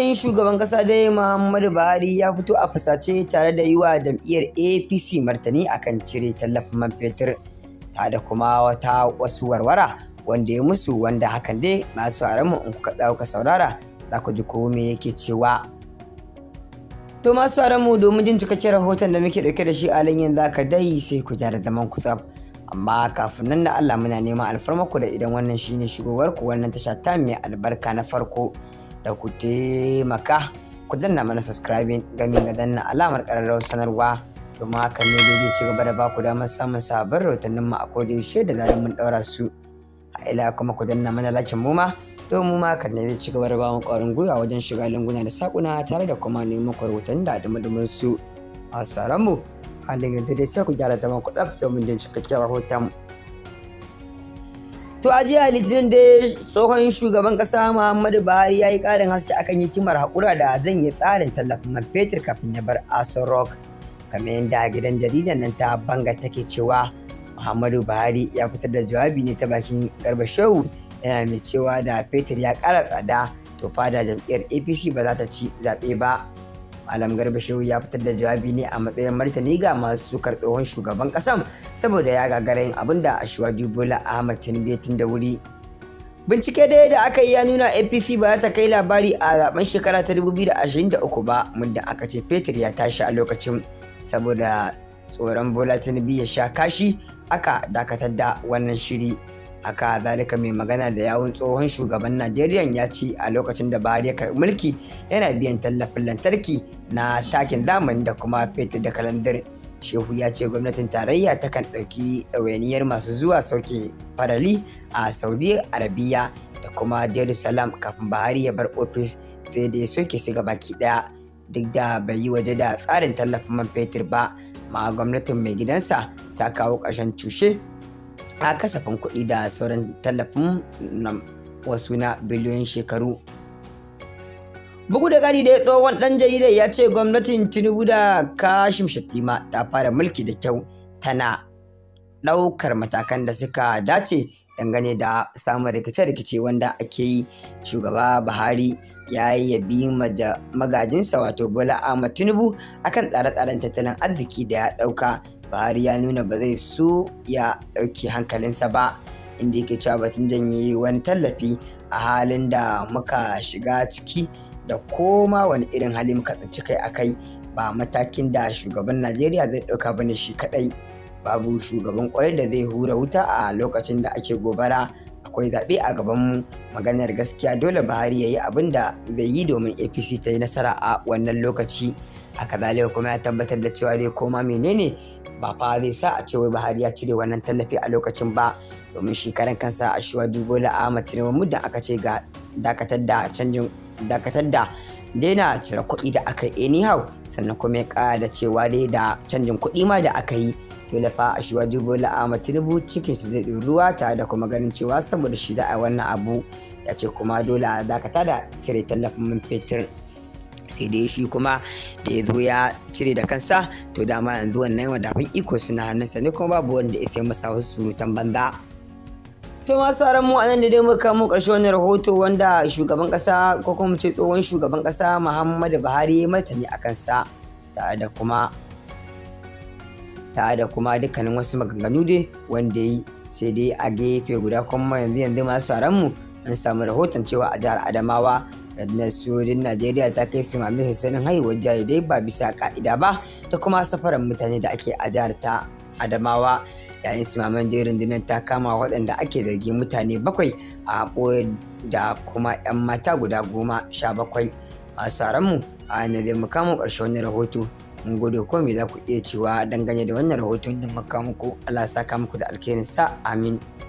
matsayin shugaban ƙasa dai Muhammadu Buhari ya fito a fasace tare da yi wa jam'iyyar APC martani akan cire tallafin man fetur ta da kuma wata wasu warwara wanda ya musu wanda hakan dai masu mu in kuka dauka saurara za ku ji ko me yake cewa. To masu mu domin jin cikakken rahoton da muke ɗauke da shi a za zaka dai sai ku da zaman kutsaf. amma kafin nan da Allah muna neman ku da idan wannan shine shugowar ku wannan tasha ta mai albarka na farko da ku taimaka ku danna mana subscribing gami ga danna alamar ƙararrawar sanarwa domin haka ne dai ci gaba da baku damar samun sabon rahotannin mu a kodi yaushe da zarar mun daura su a ila kuma ku danna mana lakin mu ma domin mu ma kan ne zai ci gaba da mu ƙwarin gwiwa wajen shiga lunguna da sakuna tare da kuma neman rahotannin da dumudumin su a sauran mu halin yanzu dai sai ku gyara zaman ku tsaf domin jin cikakken rahoton To a Litinin da tsohon shugaban kasa Muhammadu Buhari ya yi ƙarin hasashe akan hikimar haƙura da janye tsarin tallafin man fetur kafin ya bar Aso Rock. Kamar yadda gidan jaridar nan ta banga take cewa Muhammadu Buhari ya fitar da jawabi ne ta bakin Garba Shehu yana mai cewa da fetur ya ƙara tsada to fada jam'iyyar APC ba za ta ci zaɓe ba malam garba shehu ya fitar da jawabi ne a matsayin martani ga masu sukar tsohon shugaban ƙasan, saboda ya gagara yin abin da ashwaju bola ahmad tinubu tun da wuri bincike dai da aka yi ya nuna apc ba za ta kai labari a zaben shekara ta 2023 ba muddin aka ce fetur ya tashi a lokacin saboda tsoron bola tinubu ya sha kashi aka dakatar da wannan shiri haka zalika mai magana da yawun tsohon shugaban najeriya ya ci a lokacin da bari ya karbi mulki yana biyan tallafin lantarki na takin zamani da kuma fetur da kalandar shehu ya ce gwamnatin tarayya ta kan ɗauki ɗawainiyar masu zuwa sauke farali a saudi arabiya da kuma jerusalem kafin Bahari ya bar ofis sai da ya soke su gaba baki ɗaya duk da bai yi waje da tsarin tallafin man fetur ba ma gwamnatin mai gidansa ta kawo ƙarshen cushe a kasafin kuɗi da sauran tallafin wasu na biliyoyin shekaru bugu da ƙari da tsohon ɗan jaridar ya ce gwamnatin tinubu da kashim shatima ta fara mulki da kyau tana ɗaukar matakan da suka dace dangane da samun rikice-rikice wanda ake yi shugaba buhari ya yi bi magajinsa wato bola ahmad tinubu akan tsare-tsaren tattalin arziki da ya ɗauka Buhari ya nuna ba zai so ya ɗauki hankalinsa ba inda yake cewa batun janye wani tallafi a halin da muka shiga ciki da koma wani irin hali muka tsinci kai a kai ba matakin da shugaban Najeriya zai ɗauka ba ne shi kaɗai. babu shugaban kwarai da zai hura wuta a lokacin da ake gobara akwai zaɓe a gaban mu maganar gaskiya dole buhari ya yi abin da zai yi domin apc ta yi nasara a wannan lokaci haka zalika kuma ya tabbatar da cewa dai koma menene ba fa zai sa a ce wai Buhari ya cire wannan tallafi a lokacin ba domin shi kansa a shiwa Dubo Ahmad Tinubu muddin aka ce ga dakatar da canjin dakatar da daina cire kuɗi da aka yi anyhow sannan kuma ya ƙara da cewa dai da canjin kuɗi ma da aka yi dole fa a shiwa dubola Ahmad Tinubu cikin su zai ruwa tare da kuma ganin cewa saboda shi za a wannan abu ya ce kuma dole a dakata da cire tallafin man fetur. sai dai shi kuma da ya zo ya cire da kansa to dama yanzu wannan madafin iko suna hannunsa ne kuma babu wanda ya sai masa wasu surutan banza to masu sauran mu anan da dai muka mu karshe wani rahoto wanda shugaban kasa ko kuma ce tsohon shugaban kasa muhammadu buhari matani a kansa tare da kuma tare da kuma dukkanin wasu maganganu dai wanda yi sai dai a gefe guda kuma yanzu yanzu masu sauran mu an samu rahoton cewa a jihar adamawa rundunar sojojin najeriya ta kai simami hasanin haihuwar jarirai ba bisa ka'ida ba Ta kuma safarar mutane da ake a jihar ta adamawa yayin simaman jerin rundunar ta kama waɗanda ake zargi mutane bakwai a ɓoye da kuma 'yan mata guda goma sha bakwai masu mu a na zai ƙarshe wani rahoto mun gode ko me za ku iya cewa dangane da wannan rahoton da muka muku Allah saka muku da alkhairin sa amin